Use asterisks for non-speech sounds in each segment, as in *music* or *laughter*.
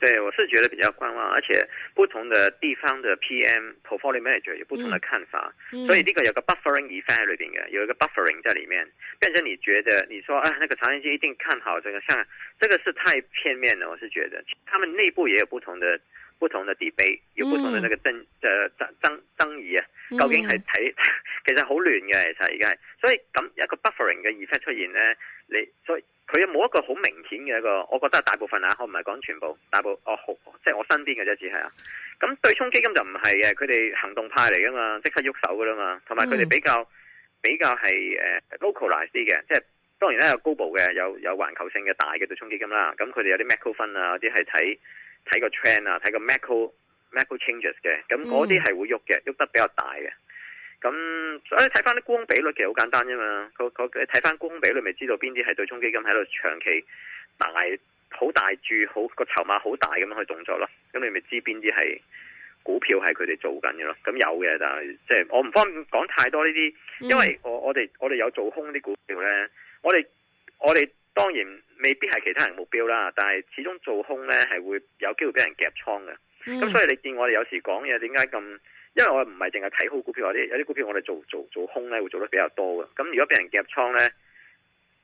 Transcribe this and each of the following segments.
對，我是覺得比較觀望，而且不同的地方的 PM portfolio manager 有不同的看法，嗯、所以呢個有個 buffering effect 有一個 buffering 在裏面，變成你覺得，你說啊、哎，那個長線基金一定看好這個像，像這個是太片面了，我是覺得，他們內部也有不同的不同的 debate，有不同的那個爭爭爭爭議啊，究竟係睇其實好亂嘅，而家而家，所以咁一個 buffering 嘅 effect 出現呢。你所以佢有冇一個好明顯嘅一個，我覺得係大部分啊，我唔係講全部，大部分哦好，即、就、係、是、我身邊嘅啫，只係啊。咁對沖基金就唔係嘅，佢哋行動派嚟噶嘛，即刻喐手噶啦嘛，同埋佢哋比較比較係誒 local i z e 啲嘅，即係當然咧有 g o b 嘅，有有環球性嘅大嘅對沖基金啦。咁佢哋有啲 macro 分啊，啲係睇睇個 trend 啊，睇個 macro macro changes 嘅，咁嗰啲係會喐嘅，喐得比較大嘅。咁所以睇翻啲沽空比率其實好簡單啫嘛，佢佢睇翻沽空比率咪知道邊啲係對沖基金喺度長期大好大注好個籌碼好大咁樣去動作咯，咁你咪知邊啲係股票係佢哋做緊嘅咯。咁有嘅，但係即係我唔方便講太多呢啲，因為我我哋我哋有做空啲股票咧，我哋我哋當然未必係其他人目標啦，但係始終做空咧係會有機會俾人夾倉嘅。咁所以你見我哋有時講嘢點解咁？因為我唔係淨係睇好股票，有啲有啲股票我哋做做做，做空咧會做得比較多嘅。咁如果俾人夾倉咧，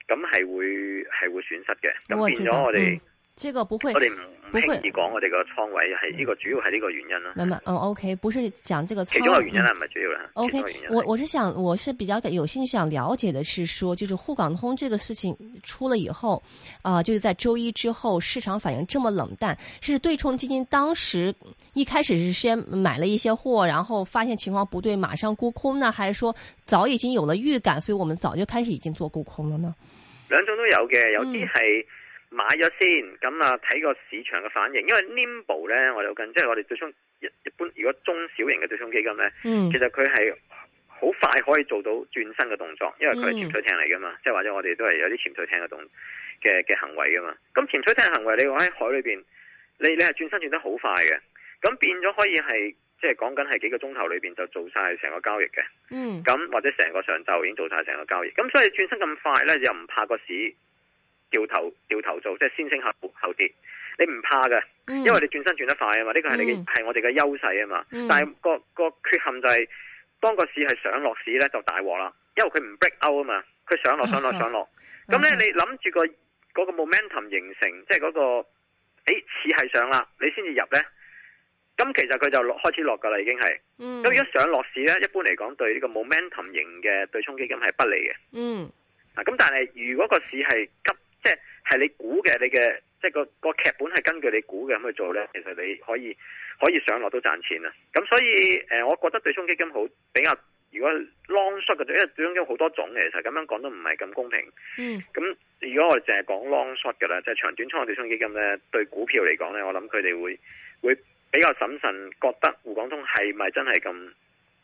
咁係會係會損失嘅。咁變咗我哋。嗯這個不會，我哋唔唔講我哋個倉位是呢個主要是呢個原因啦、啊。嗯、哦、，OK，不是講這個。其中一個原因啦，唔係主要啦。OK，我我是想，我是比較有興趣想了解的是說，就是滬港通這個事情出了以後，啊、呃，就是在周一之後市場反應這麼冷淡，是對沖基金當時一開始是先買了一些貨，然後發現情況不對，馬上沽空呢，還是說早已經有了預感，所以我們早就開始已經做沽空了呢？兩種都有嘅，有啲係。嗯買咗先，咁啊睇個市場嘅反應。因為 Nimble 咧，我哋好近，即、就、係、是、我哋對沖一一般。如果中小型嘅對沖基金咧，mm. 其實佢係好快可以做到轉身嘅動作，因為佢係潛水艇嚟噶嘛。即、mm. 係或者我哋都係有啲潛水艇嘅動嘅嘅行為噶嘛。咁潛水艇嘅行為，你話喺海裏邊，你你係轉身轉得好快嘅，咁變咗可以係即係講緊係幾個鐘頭裏邊就做晒成個交易嘅。嗯、mm.，咁或者成個上晝已經做晒成個交易。咁所以轉身咁快咧，又唔怕個市。掉頭掉頭做，即係先升後後跌，你唔怕㗎？因為你轉身轉得快啊嘛，呢、這個係你係、嗯、我哋嘅優勢啊嘛。嗯、但係、嗯、個個缺陷就係、是，當個市係上落市咧就大鑊啦，因為佢唔 break out 啊嘛，佢上落上落上落，咁咧 *laughs* 那呢 *laughs* 你諗住、那個嗰、那個 momentum 形成，即係嗰個誒似係上啦，你先至入咧，咁其實佢就落開始落噶啦，已經係。咁、嗯、如果上落市咧，一般嚟講對呢個 momentum 型嘅對沖基金係不利嘅。嗯，咁、啊、但係如果個市係急。係你估嘅，你嘅，即係個個劇本係根據你估嘅咁去做呢。其實你可以可以上落都賺錢啊！咁所以誒、呃，我覺得對沖基金好比較，如果 long short 嘅，因為對沖基金好多種嘅，其實咁樣講都唔係咁公平。咁、嗯、如果我淨係講 long short 嘅啦，即、就、係、是、長短倉對沖基金呢。對股票嚟講呢，我諗佢哋會會比較審慎，覺得滬港通係咪真係咁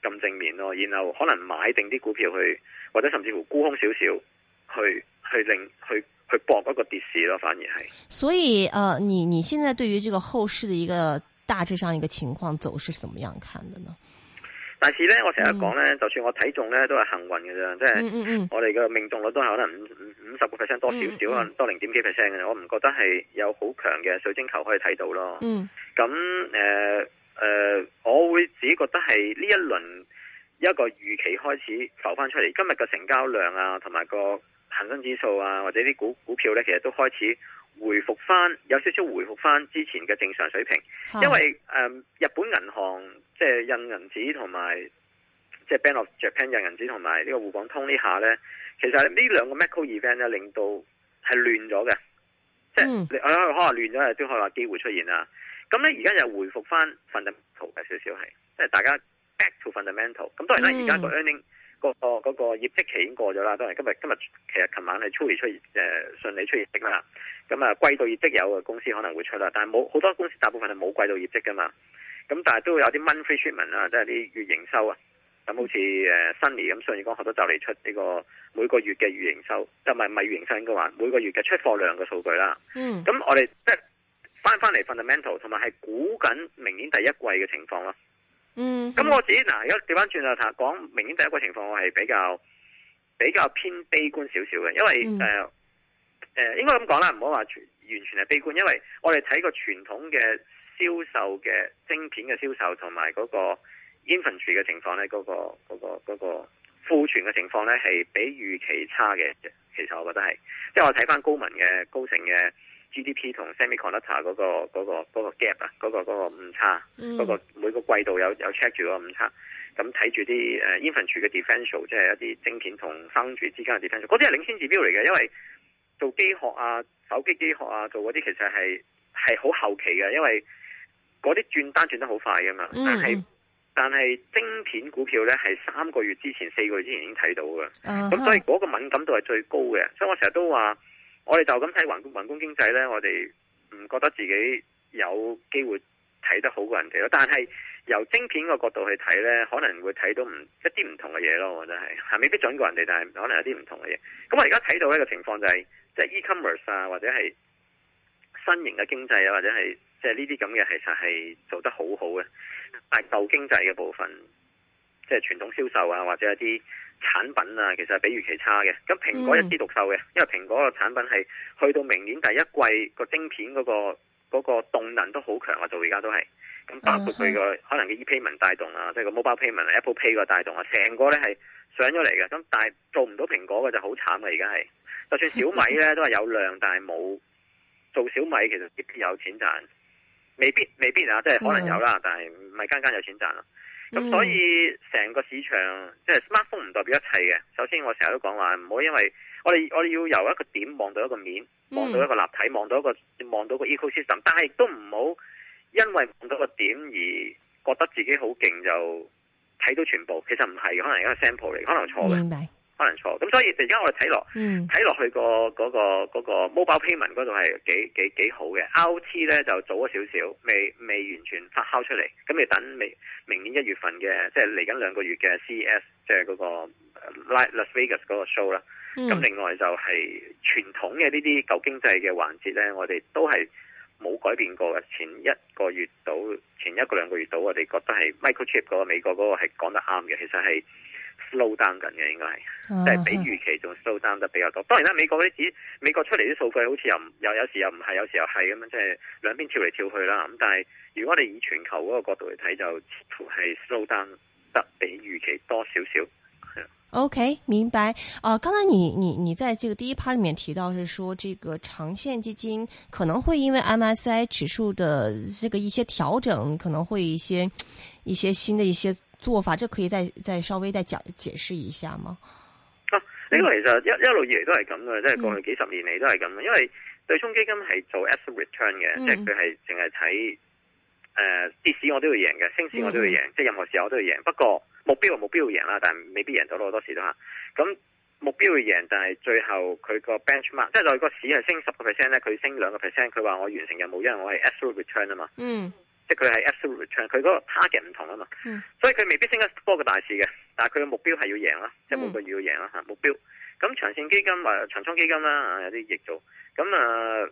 咁正面咯？然後可能買定啲股票去，或者甚至乎沽空少少去去令去。去搏嗰個跌市咯，反而係。所以，呃，你你現在對於這個後市的一個大致上一個情況走勢怎麼樣看的呢？但是呢，我成日講呢、嗯，就算我睇中呢，都係幸運嘅啫。即、嗯、係、嗯就是、我哋嘅命中率都係可能五五十個 percent 多少少可能多零點幾 percent 嘅。我唔覺得係有好強嘅水晶球可以睇到咯。咁誒誒，我會自己覺得係呢一輪一個預期開始浮翻出嚟。今日嘅成交量啊，同埋個。恒生指數啊，或者啲股股票咧，其實都開始回復翻，有少少回復翻之前嘅正常水平。啊、因為、呃、日本銀行即係印銀紙同埋，即係 Bank of Japan 印銀紙同埋呢個滬港通下呢下咧，其實兩 MACCO 呢兩個 macro event 咧令到係亂咗嘅，即係你、嗯、可能亂咗，亦都可以話機會出現啦。咁咧而家又回復翻 fundamental 少少係，即係大家 back to fundamental。咁當然啦，而、嗯、家嘅 earning 那個嗰、那個業績期已經過咗啦，都係今日今日其實琴晚係初嚟出現誒、呃、順利出業績啦。咁、嗯、啊，季度業績有嘅公司可能會出啦，但係冇好多公司，大部分係冇季度業績噶嘛。咁、嗯、但係都會有啲 monthly 出問啦，即係啲月營收啊。咁好似誒 Sunny 咁，舜宇光學都就嚟出呢個每個月嘅月營收，就唔、是、係月營收應該話每個月嘅出貨量嘅數據啦。嗯。咁我哋即係翻翻嚟 fundamental，同埋係估緊明年第一季嘅情況咯。嗯，咁、嗯、我自己嗱，而家調翻轉頭講，明顯第一個情況，我係比較比較偏悲觀少少嘅，因為誒誒、嗯呃，應該咁講啦，唔好話完全係悲觀，因為我哋睇個傳統嘅銷售嘅晶片嘅銷售，同埋嗰個 infantry 嘅情況呢，嗰、嗰個、嗰個、嗰個庫存嘅情況呢係比預期差嘅，其實我覺得係，即係我睇翻高文嘅高成嘅 GDP 同 semiconductor 嗰、那個那個那個那個 gap 啊、那個，嗰、那個嗰誤差，嗰、那個、每個季度有有 check 住個誤差，咁睇住啲 infantry 嘅 differential 即係一啲晶片同生住之間嘅 differential 嗰啲係領先指標嚟嘅，因為做機殼啊、手機機殼啊，做嗰啲其實係係好後期嘅，因為嗰啲轉單轉得好快噶嘛，但係但係晶片股票咧係三個月之前、四個月之前已經睇到嘅，咁所以嗰個敏感度係最高嘅，所以我成日都話。我哋就咁睇宏宏觀經濟呢，我哋唔覺得自己有機會睇得好過人哋咯。但係由晶片個角度去睇呢，可能會睇到唔一啲唔同嘅嘢咯。我覺得係係未必準過人哋，但係可能有啲唔同嘅嘢。咁我而家睇到一個情況就係，即係 e-commerce 啊，或者係新型嘅經濟啊，或者係即係呢啲咁嘅，其實係做得好好嘅。但係舊經濟嘅部分，即係傳統銷售啊，或者一啲。產品啊，其實係比預期差嘅。咁蘋果一枝獨秀嘅、嗯，因為蘋果個產品係去到明年第一季個晶片嗰、那個嗰、嗰個、動能都好強啊，到而家都係。咁包括佢個可能嘅 e-payment 帶動啊，即、嗯、係、即係、個 mobile payment、Apple Pay 個帶動啊，成個咧係上咗嚟嘅。咁但係做唔到蘋果嘅就好慘啊。而家係。就算小米咧都係有量，但係冇做小米其實未必有錢賺，未必未必啊，即係可能有啦，嗯、但係唔係間間有錢賺啊。咁、嗯、所以成個市場即係、就是、smartphone 唔代表一切嘅。首先我成日都講話，唔好因為我哋我哋要由一個點望到一個面，嗯、望到一個立體，望到一個望到一個 ecosystem，但係亦都唔好因為望到個點而覺得自己好勁就睇到全部。其實唔係，可能一個 sample 嚟，可能錯嘅。明白可能錯。咁，所以而家我哋睇落睇落去嗰個嗰個，個，個 mobile payment 嗰度係幾幾幾好嘅，IoT 咧就早咗少少，未未完全發酵出嚟，咁你等未明年一月份嘅即係嚟緊兩個月嘅 CES，即係嗰個 Las Vegas 嗰個 show 啦，嗯。咁另外就係傳統嘅呢啲舊經濟嘅環節咧，我哋都係冇改變過嘅。前一個月到前一個兩個月到，我哋覺得係 Microchip 嗰個美國嗰個係講得啱嘅，其實係。slow down 緊嘅應該係，即、啊、係、就是、比預期仲 slow down 得比較多。當然啦，美國啲指，美國出嚟啲數據好似又，有有時又唔係，有時又係咁樣，即係兩邊跳嚟跳去啦。咁但係，如果我哋以全球嗰個角度嚟睇，就似、是、乎係 slow down 得比預期多少少。係 OK，明白。啊、呃，剛剛你你你，你你在這個第一 part 裡面提到是說，這個長線基金可能會因為 MSI 指數的這個一些調整，可能會一些一些新的一些。做法，這可以再再稍微再講解釋一下嘛。啊，呢個其實一一路以嚟都係咁嘅，即、嗯、係過去幾十年嚟都係咁。因為對沖基金係做 absolute return 嘅、嗯，即係佢係淨係睇誒跌市我都要贏嘅，升市我都要贏，嗯、即係任何時候我都要贏。不過目標係目標要贏啦，但係未必贏到咯，好多時都吓。咁目標要贏，但係最後佢個 bench mark，即係嗰個市係升十個 percent 咧，佢升兩個 percent，佢話我完成任務，因為我係 absolute return 啊嘛。嗯。即佢係 absolute return 佢嗰個 target 唔同啊嘛、嗯，所以佢未必升得多嘅大市嘅，但係佢嘅目標係要贏啦、嗯，即係每個月要贏啦吓。目標咁長線基金或、啊、長倉基金啦、啊，有啲易做，咁啊。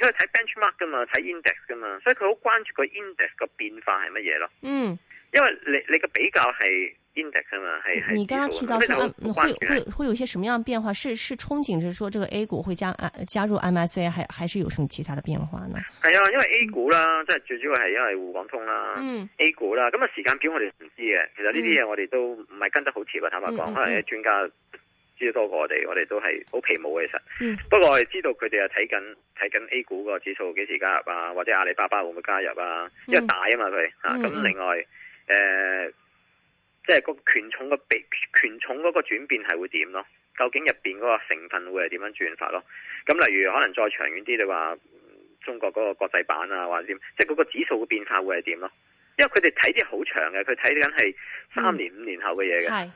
因為睇 benchmark 噶嘛，睇 index 噶嘛，所以佢好關注個 index 個變化係乜嘢咯。嗯，因為你你個比較係 index 噶嘛，係你剛剛提到說是是會會會有一些什麼樣的變化？是是憧憬就着說這個 A 股會加加入 MSCI，還還是有什麼其他的變化呢？係啊，因為 A 股啦，即、嗯、係最主要係因為滬港通啦、嗯、，A 股啦，咁、那、啊、個、時間表我哋唔知嘅，其實呢啲嘢我哋都唔係跟得好貼啊，坦白講，可能專家。嗯嗯知道多過我哋，我哋都係好皮毛嘅。其實，嗯、不過我哋知道佢哋係睇緊睇緊 A 股個指數幾時加入啊，或者阿里巴巴會唔會加入啊？嗯、因為大、嗯、啊嘛佢，吓咁。另外，誒、呃，即、就、係、是、個權重個別權重嗰個轉變係會點咯？究竟入邊嗰個成分會係點樣轉發咯？咁例如可能再長遠啲，你話中國嗰個國際版啊，或者點，即係嗰個指數嘅變化會係點咯？因為佢哋睇啲好長嘅，佢睇緊係三年五、嗯、年後嘅嘢嘅。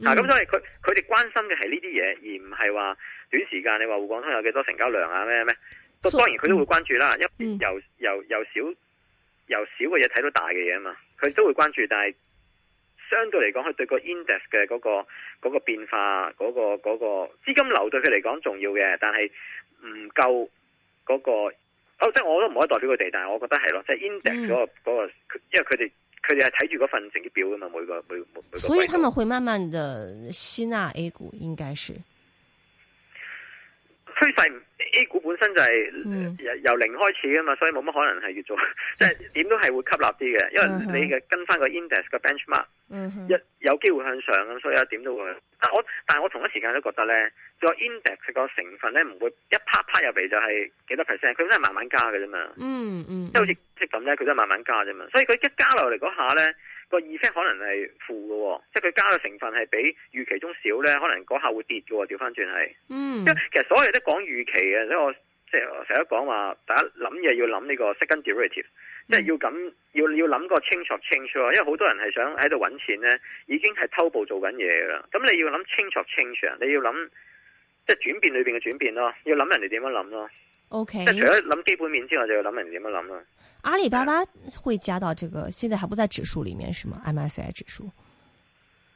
嗱、啊，咁所以佢佢哋關心嘅係呢啲嘢，而唔係話短時間你話滬港通有幾多成交量啊咩咩？都當然佢都會關注啦，一、嗯、由、嗯、由由少由少嘅嘢，睇到大嘅嘢啊嘛，佢都會關注，但係相對嚟講，佢對個 index 嘅嗰、嗰個嗰、嗰個變化，嗰、嗰個嗰、嗰個資金流對佢嚟講重要嘅，但係唔夠嗰個，哦即係、即係、我都唔可以代表佢哋，但係我覺得係咯，即、就、係、係、index 嗰、嗰個嗰個、嗯，因為佢哋。佢哋係睇住嗰份成績表噶嘛，每個每每個，所以，他們會慢慢的吸納 A 股，應該是。趨勢 A 股本身就係由由零開始㗎嘛、嗯，所以冇乜可能係叫做，即係點都係會吸納啲嘅，因為你嘅跟翻個 index 個 benchmark，有、嗯、有機會向上咁，所以有點都會。但我但我同一時間都覺得咧，個 index 個成分咧唔會一啪啪入嚟就係幾多 percent，佢都係慢慢加嘅啫嘛。嗯嗯，即係好似即係咁咧，佢都係慢慢加啫嘛，所以佢一加落嚟嗰下咧。個 effect 可能係負嘅，即係佢加嘅成分係比預期中少咧，可能嗰下會跌嘅，調翻轉係。嗯，因其實所有都講預期嘅，即係我即係我成日講話，大家諗嘢要諗呢個 second derivative，d、mm. 即係要咁要要諗個清楚清楚，因為好多人係想喺度揾錢咧，已經係偷步做緊嘢啦。咁你要諗清楚清楚，你要諗即係轉變裏邊嘅轉變咯，要諗人哋點樣諗咯。O、okay. K，除咗諗基本面之外，就要諗人點樣諗啦。阿里巴巴會加到這個，現在還不在指數裏面是嗎？M S I 指數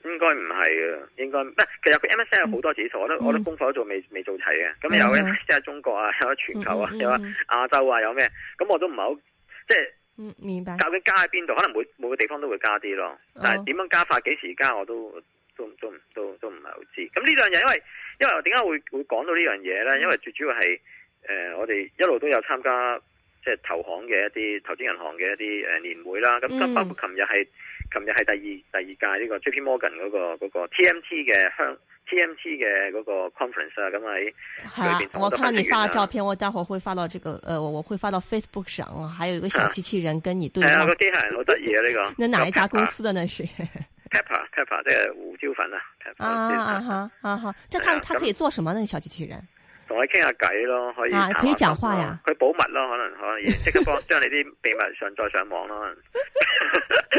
應該唔係啊，應該，唔係應該其實佢 M S I 有好多指數，嗯、我都我都、嗯、功課都做未未做齊嘅。咁、嗯、有咧、嗯，即係中國啊，有全球啊、嗯嗯，有啊亞洲啊，有咩？咁我都唔係好即係、嗯。明白。究竟加喺邊度？可能每每個地方都會加啲咯、哦。但係點樣加法，幾時加，我都都都唔都都唔係好知。咁呢樣嘢，因為因為點解會會講到呢樣嘢咧？因為最、嗯、主要係。誒、呃，我哋一路都有參加即係投行嘅一啲投資銀行嘅一啲誒年會啦。咁、嗯、包括琴日係，琴日係第二第二屆呢個 JP Morgan 嗰、那個嗰、那個 TMT 嘅香 TMT 嘅嗰個 conference 啊。咁喺、啊啊、我看到你發嘅照片，我待會會發到、這個誒，我、呃、我會發到 Facebook 上啊。還有一個小機器人跟你對話。係啊，個機器人好得意啊，呢、啊這個。 *laughs* 那哪一家公司嘅呢？Pepper, *laughs* Pepper, Pepper, 是 Pepper Pepper，即係胡椒粉啊。Pepper, 啊啊啊哈，即係佢，佢、啊啊啊啊啊、可以做什麼呢？小機器人？同佢傾下偈咯，可以、啊、可以講話呀、啊。佢保密咯，可能可能即刻幫將 *laughs* 你啲秘密上再上網咯，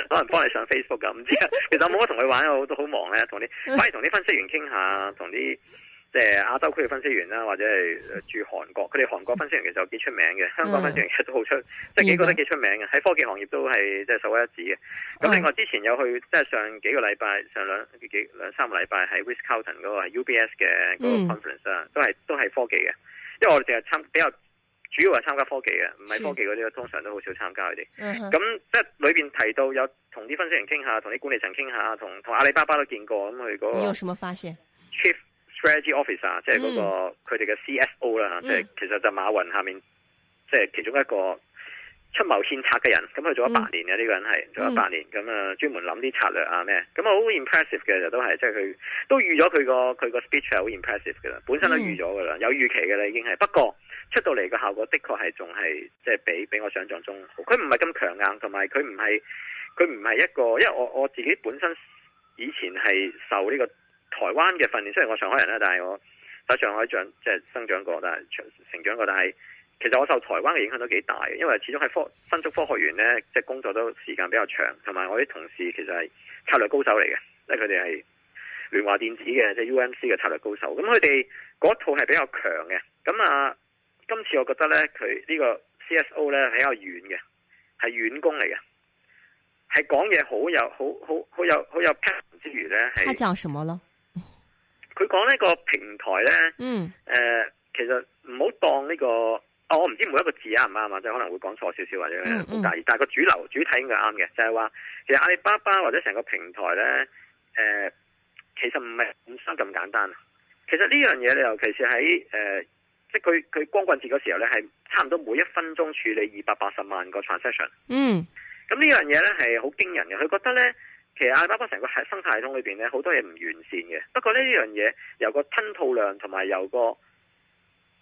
可能幫你上 Facebook 咁唔知啊。其實我冇得同佢玩，我都好忙咧，同啲反而同啲分析員傾下，同啲。即、就是，亞洲區嘅分析員啦，或者係住韓國，佢哋韓國分析員其實挺有幾出名嘅。香港分析員亦都好出，即係幾個都幾出名嘅，喺、嗯、科技行業都係即係首屈一指嘅。咁、嗯、另外之前有去，即、就、係、是、上幾個禮拜，上兩幾兩,兩三個禮拜喺 Wisconsin 嗰、那個 UBS 嘅個 conference 啊、嗯，都係都係科技嘅。因為我哋成日參比較主要係參加科技嘅，唔係科技嗰啲通常都好少參加佢哋。咁即係裏邊提到有同啲分析員傾下，同啲管理層傾下，同同阿里巴巴都見過咁。佢嗰、那個、你有什麼發現？Strategy Officer，即係嗰個佢哋嘅 CSO 啦，即、嗯、係其實就馬雲下面，即、就、係、是、其中一個出謀獻策嘅人。咁佢做咗八年嘅呢、嗯這個人係，做咗八年，咁啊專門諗啲策略啊咩，咁啊好 impressive 嘅，就是、他都係即係佢都預咗佢個佢個 speech 係好 impressive 嘅啦，本身都預咗噶啦，有預期嘅啦已經係。不過出到嚟個效果的確係仲係即係比比我想象中好，佢唔係咁強硬，同埋佢唔係佢唔係一個，因為我我自己本身以前係受呢、這個。台灣嘅訓練，雖然我上海人啦，但係我喺上海長即係生長過，但係長成長過。但係其實我受台灣嘅影響都幾大嘅，因為始終喺科新竹科學園咧，即係工作都時間比較長，同埋我啲同事其實係策略高手嚟嘅，因為佢哋係聯華電子嘅，即係 UMC 嘅策略高手。咁佢哋嗰套係比較強嘅。咁啊，今次我覺得咧，佢呢個 CSO 咧係比較遠嘅，係遠攻嚟嘅，係講嘢好有好好好有好有，有之餘咧，係。他講什麼了？佢講呢個平台咧，誒、嗯呃，其實唔好當呢、這個，哦、我唔知每一個字啱唔啱啊，即係可能會講錯少少或者，好、嗯、大、嗯。但係個主流主體應該啱嘅，就係、是、話其實阿里巴巴或者成個平台呢，誒、呃，其實唔係咁生咁簡單。其實呢樣嘢你尤其是喺誒、呃，即係佢佢光棍節嗰時候呢，係差唔多每一分鐘處理二百八十萬個 transaction 嗯。嗯，咁呢樣嘢呢，係好驚人嘅，佢覺得呢。其實阿里巴巴成個係生態系統裏邊咧，好多嘢唔完善嘅。不過呢樣嘢、這個、由個吞吐量同埋由個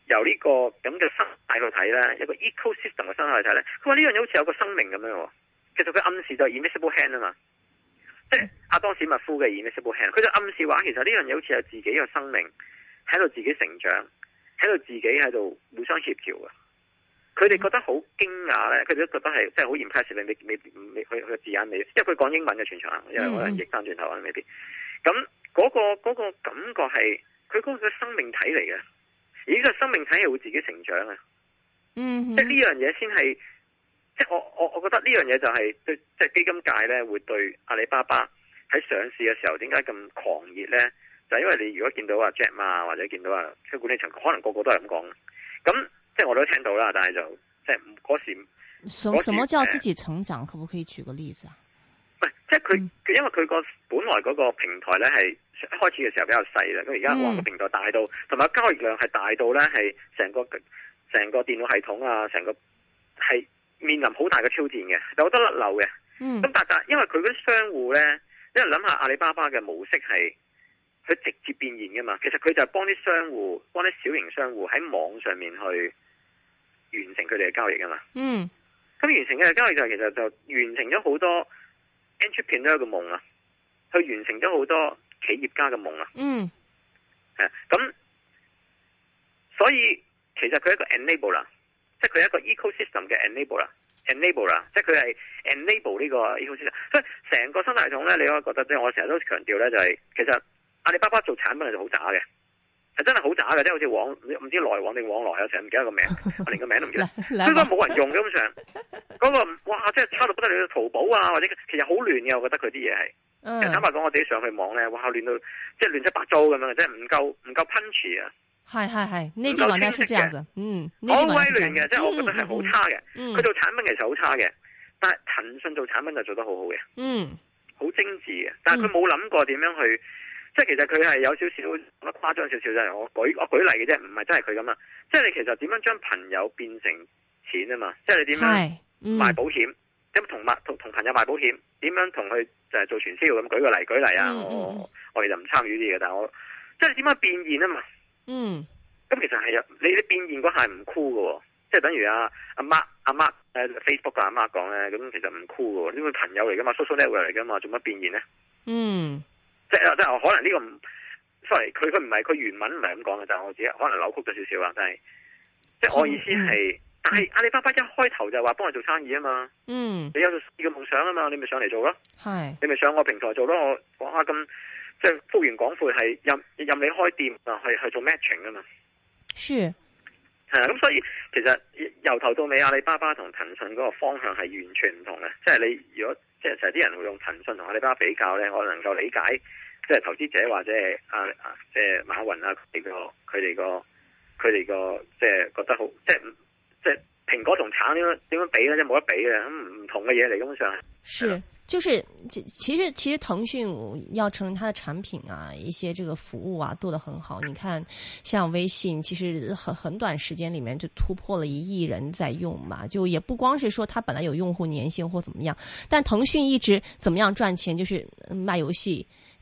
由呢、這個咁嘅生態度睇咧，有個 ecosystem 嘅生態度睇咧，佢話呢樣嘢好似有個生命咁樣。其實佢暗示就係 invisible hand 啊嘛，即係阿當史密夫嘅 invisible hand，佢就暗示話其實呢樣嘢好似有自己個生命喺度自己成長，喺度自己喺度互相協調啊。佢哋 *noise* 覺得好驚訝咧，佢哋都覺得係即係好 impressive。你你你佢佢字眼你，因為佢講英文嘅全場，因為我譯翻轉頭啊，未必。咁嗰、嗰個、嗰個感覺係，佢嗰個生命體嚟嘅，而呢個生命體係會自己成長嘅。嗯，即係呢樣嘢先係，即係我我我覺得呢樣嘢就係對，即係基金界咧會對阿里巴巴喺上市嘅時候點解咁狂熱咧，就係、因為你如果見到阿 Jack 嘛，或者見到啊，即管理層，可能個個都係咁講咁。即係我都聽到啦，但係就即係唔時，嗰時什什麼叫自己成長？嗯、可唔可以舉個例子啊？即係佢、嗯，因為佢個本來嗰個平台咧係開始嘅時候比較細啦，咁而家話個平台大到，同、嗯、埋交易量係大到咧係成個成個電腦系統啊，成個係面臨好大嘅挑戰嘅，有好多甩漏嘅。嗯，咁但但因為佢嗰啲商戶咧，因為諗下阿里巴巴嘅模式係。佢直接變現噶嘛？其實佢就係幫啲商戶，幫啲小型商戶喺網上面去完成佢哋嘅交易噶嘛。嗯。咁完成嘅交易就係，其實就完成咗好多 entrepreneur 嘅夢啊，去完成咗好多企業家嘅夢啊。嗯。誒、啊，咁所以其實佢係一個 enable 啦，即係佢係一個 ecosystem 嘅 enable enable，即係佢係 enable 呢個 ecosystem。所以成個生態系統咧，你可以覺得即係我成日都強調咧，就係，就係其實。阿里巴巴做產品係就好渣嘅，係真係好渣嘅，即係好似往唔知來往定往來有成唔記得個名， *laughs* 我連個名都唔記得。應該冇人用嘅咁上，嗰、嗰個哇，即係差到不得了。淘寶啊，或者其實好亂嘅，我覺得佢啲嘢係。坦白講，我自己上去網咧，哇，亂到即係亂七八糟咁樣，即係唔夠唔夠 punch 啊。係係係，呢啲嘅。嗯。好、嗯、威亂嘅、嗯，即係我覺得係好差嘅。佢、嗯、做產品其實好差嘅，但係騰訊做產品就做得好好嘅。嗯。好精緻嘅，但係佢冇諗過點樣去。即係其實佢係有少少誇張少少就係我舉我舉例嘅啫，唔係真係佢咁啊！即係你其實點樣將朋友變成錢啊？嘛，即係你點樣賣保險？咁同埋同同朋友賣保險，點樣同佢就係做傳銷咁？舉個例，舉例啊！嗯嗯、我我其實唔參與啲嘅，但係我即係你點樣變現啊？嘛，嗯，咁其實係啊，你你變現嗰下唔 cool 嘅，即係等於阿阿 Mark 誒 Facebook 啊 Mark 講咧，咁其實唔 cool 嘅，因為朋友嚟噶嘛，social network 嚟噶嘛，做乜變現咧？嗯。 *noise* 即係可能呢個唔 sorry 佢佢唔係佢原文唔係咁講嘅，但係我自己可能扭曲咗少少啊！但係即係、嗯、我意思係，但係阿里巴巴一開頭就話幫你做生意啊嘛，嗯，你有個夢想啊嘛，你咪上嚟做咯，係你咪上我平台做咯。我講下咁即係幅員廣闊，係任任你開店啊，去去做 matching 啊嘛，是係啊，咁所以其實由頭到尾阿里巴巴同騰訊嗰個方向係完全唔同嘅。即係你如果即係成日啲人會用騰訊同阿里巴巴比較咧，我能夠理解。即係投資者或者係啊啊，即係馬雲啊，佢哋個佢哋個佢哋個，即係覺得好，即係即係蘋果同橙點樣點樣比咧，即冇得比嘅，咁唔同嘅嘢嚟根本上。是，就是其實其實騰訊要承認，它的產品啊，一些這個服務啊，做得很好。你看，像微信，其實很很短時間裏面就突破了一億人在用嘛，就也不光是說它本來有用戶粘性或怎麼樣，但騰訊一直怎麼樣賺錢，就是賣遊戲。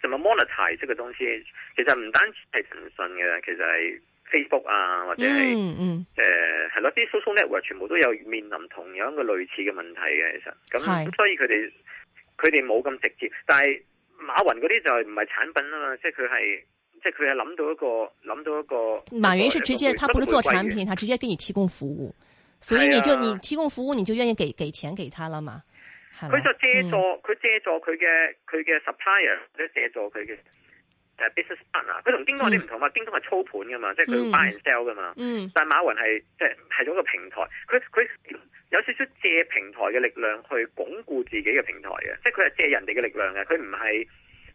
什麼 monetize 即個東西，其實唔單止係騰訊嘅，其實係 Facebook 啊，或者係誒，係咯啲 social network 全部都有面臨同樣嘅類似嘅問題嘅，其實咁，所以佢哋佢哋冇咁直接，但係馬雲嗰啲就係唔係產品啊嘛，即係佢係即係佢係諗到一個諗到一個。馬雲係直接，不佢唔係做產品，佢直接給你提供服務，所以你就、啊、你提供服務，你就願意給給錢給佢了嘛。佢就借助佢、嗯、借助佢嘅佢嘅 supplier，即借助佢嘅誒 business partner。佢同京、嗯、東啲唔同嘛？京東係操盤嘅嘛，即係佢 buy and sell 嘅嘛。嗯，但係馬雲係即係係咗個平台，佢佢有少少借平台嘅力量去鞏固自己嘅平台嘅，即係佢係借人哋嘅力量嘅，佢唔係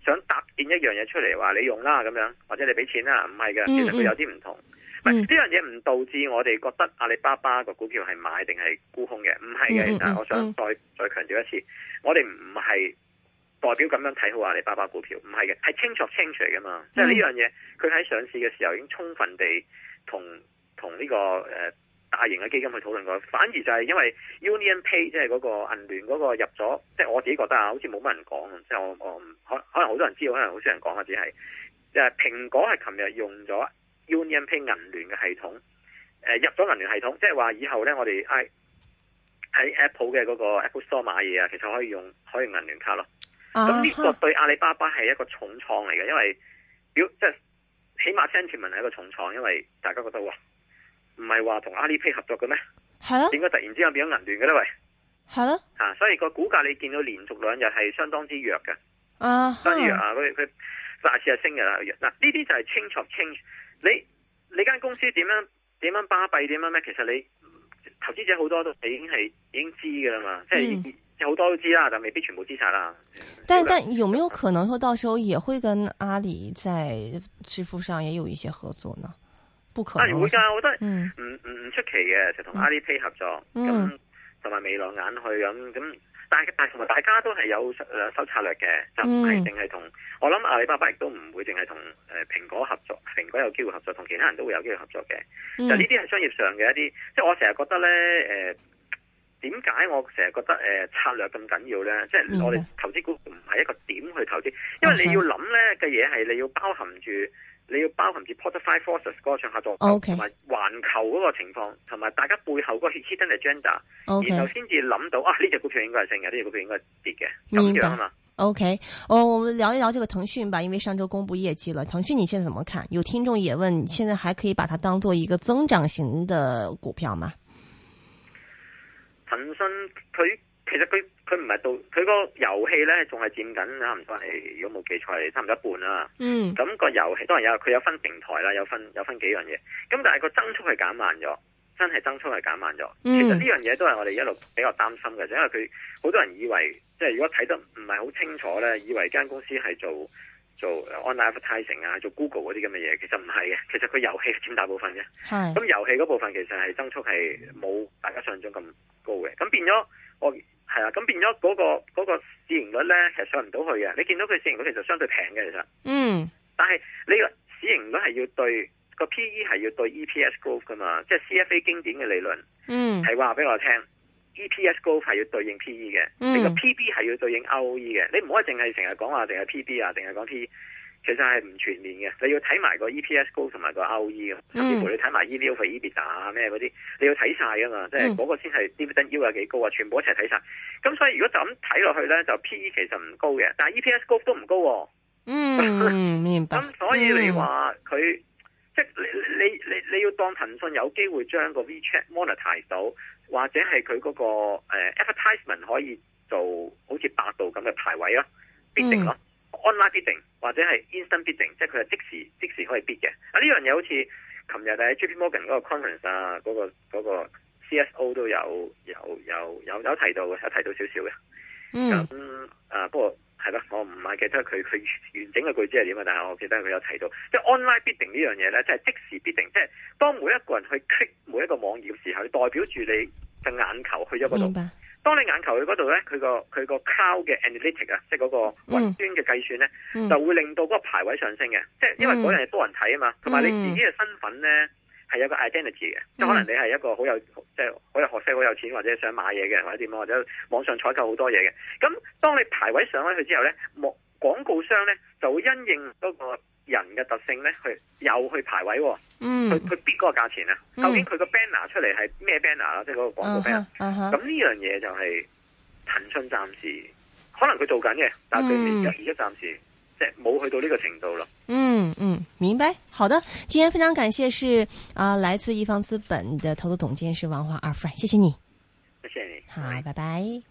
想搭建一樣嘢出嚟話你用啦咁樣，或者你俾錢啦，唔係嘅，其實佢有啲唔同。呢樣嘢唔導致我哋覺得阿里巴巴個股票係買定係沽空嘅，唔係嘅。嗱、嗯，嗯嗯、但我想再再強調一次，我哋唔係代表咁樣睇好阿里巴巴股票，唔係嘅，係清楚清楚嘅嘛。即係呢樣嘢，佢喺上市嘅時候已經充分地同同呢個誒、呃、大型嘅基金去討論過。反而就係因為 Union Pay 即係嗰個銀聯嗰個入咗，即、就、係、是、我自己覺得啊，好似冇乜人講，即、就、係、是、我我可可能好多人知道，可能好少人講或只係，就係、是、蘋果係琴日用咗。UnionPay 銀聯嘅系統，誒入咗銀聯系統，即係話以後咧，我哋喺喺 Apple 嘅嗰個 Apple Store 買嘢啊，其實可以用可以用銀聯卡咯。咁呢個對阿里巴巴係一個重創嚟嘅，因為表即係起碼 Sentiment 係一個重創，因為大家覺得：哇「話唔係話同阿里 Pay 合作嘅咩？係點解突然之間變咗銀聯嘅咧？喂，係咯。所以個股價你見到連續兩日係相當之弱嘅。啊、uh-huh. 哈。不如啊，佢佢再次係升嘅啦。嗱，呢啲就係清倉清。你你間公司點樣點樣巴閉點樣咩？其實你投資者好多都已經係已經知噶啦嘛，嗯、即係好多都知啦，但未必全部知晒啦。但、嗯、但有冇有可能到時候也會跟阿里在支付上也有一些合作呢？啊、不可能會噶、啊啊，我覺得唔唔唔出奇嘅，就同阿里 pay 合作，咁同埋未來眼去咁咁。但係，同埋大家都係有、呃、兩手策略嘅，就唔係淨係同。我諗阿里巴巴亦都唔會淨係同誒蘋果合作，蘋果有機會合作，同其他人都會有機會合作嘅、嗯。就呢啲係商業上嘅一啲。即係我成日覺得呢，誒點解我成日覺得誒、呃、策略咁緊要呢？即、嗯、係、就是、我哋投資股唔係一個點去投資，因為你要諗呢嘅嘢係你要包含住。你要包含住 Porter Five Forces 嗰個上下動，同埋環球嗰個情況，同埋大家背後嗰個 hidden 嘅 agenda，、okay。然後先至諗到啊呢隻、這個、股票應該係升嘅，呢、這、隻、個、股票應該係跌嘅，咁樣啊嘛。OK，哦，我們聊一聊這個騰訊吧，因為上周公布業績了。騰訊你現在怎麼看？有聽眾也問，現在還可以把它當做一個增長型的股票嗎？騰訊佢。其實佢佢唔係到佢個遊戲咧，仲係佔緊差唔多係，如果冇記錯係差唔多一半啦，啊。嗯。咁、那個遊戲當然有，佢有分平台啦，有分有分幾樣嘢。咁但係個增速係減慢咗，真係增速係減慢咗。嗯。其實呢樣嘢都係我哋一路比較擔心嘅，就因為佢好多人以為即係如果睇得唔係好清楚咧，以為間公司係做做 online advertising 啊，做 Google 嗰啲咁嘅嘢，其實唔係嘅。其實佢遊戲係佔大部分嘅。咁遊戲嗰部分其實係增速係冇大家想象中咁高嘅。咁變咗我。咁變咗嗰個嗰個市盈率咧，其實上唔到去嘅。你見到佢市盈率其實相對平嘅，其實。嗯。但係你個市盈率係要對個 P E 係要對 E P S growth 噶嘛，即係 C F A 經典嘅理論。嗯。係話俾我聽，E P S growth 係要對應 P E 嘅，嗯，你個 P B 係要對應 R O E 嘅。你唔可以淨係成日講話定係 P B 啊，定係講 P。其實係唔全面嘅，你要睇埋個 E P S 高同埋個 O E 嘅，甚至乎你睇埋 EV EBIT 啊咩嗰啲，你要睇晒噶嘛，即係嗰個先係 dividend yield 有幾高啊，全部一齊睇晒。咁所以如果就咁睇落去咧，就 P E 其實唔高嘅，但係 E P S 高都唔高。嗯、啊，明白。咁所以你話佢即係你你你，你，你要當騰訊有機會將個 WeChat monetize 到，或者係佢嗰個誒、呃、advertisement 可以做好似百度咁嘅排位咯，必定咯。嗯 online bidding 或者係 instant bidding，即係佢係即時即時可以 bid 嘅。啊呢樣嘢好似琴日喺 JP Morgan 嗰個 conference 啊，嗰、嗰個嗰個 CSO 都有有有有有提到嘅，有提到少少嘅。咁、mm. 啊不過係咯，我唔係記得佢佢完整嘅句子係點啊？但係我記得佢有提到，即係 online bidding 呢樣嘢咧，即係即時 bidding，即係當每一個人去 click 每一個網頁嘅時候，代表住你隻眼球去咗嗰度。當你眼球去嗰度呢，佢個佢個 cloud 嘅 analytics 啊，即係嗰個雲端嘅計算呢，嗯、就會令到嗰個排位上升嘅、嗯。即係因為嗰樣嘢多人睇啊嘛，同、嗯、埋你自己嘅身份呢，係有一個 identity 嘅，即、嗯、係可能你係一個好有即係好有學識、好有錢或者想買嘢嘅人，或者點樣或者網上採購好多嘢嘅。咁當你排位上咗去之後呢，廣告商咧就會因應嗰個人嘅特性咧去又去排位，嗯，去去 bid 個價錢啊，究竟佢個 banner 出嚟係咩 banner 啦，即係個廣告 banner，咁、uh-huh, 呢、uh-huh. 樣嘢就係騰訊暫時可能佢做緊嘅，但係佢而而家暫時即係冇去到呢個程度咯。嗯嗯，明白，好的，今天非常感謝是啊、呃，來自一方資本的投資總監是王華阿 Frank 謝謝你，謝謝你，好，Hi. 拜拜。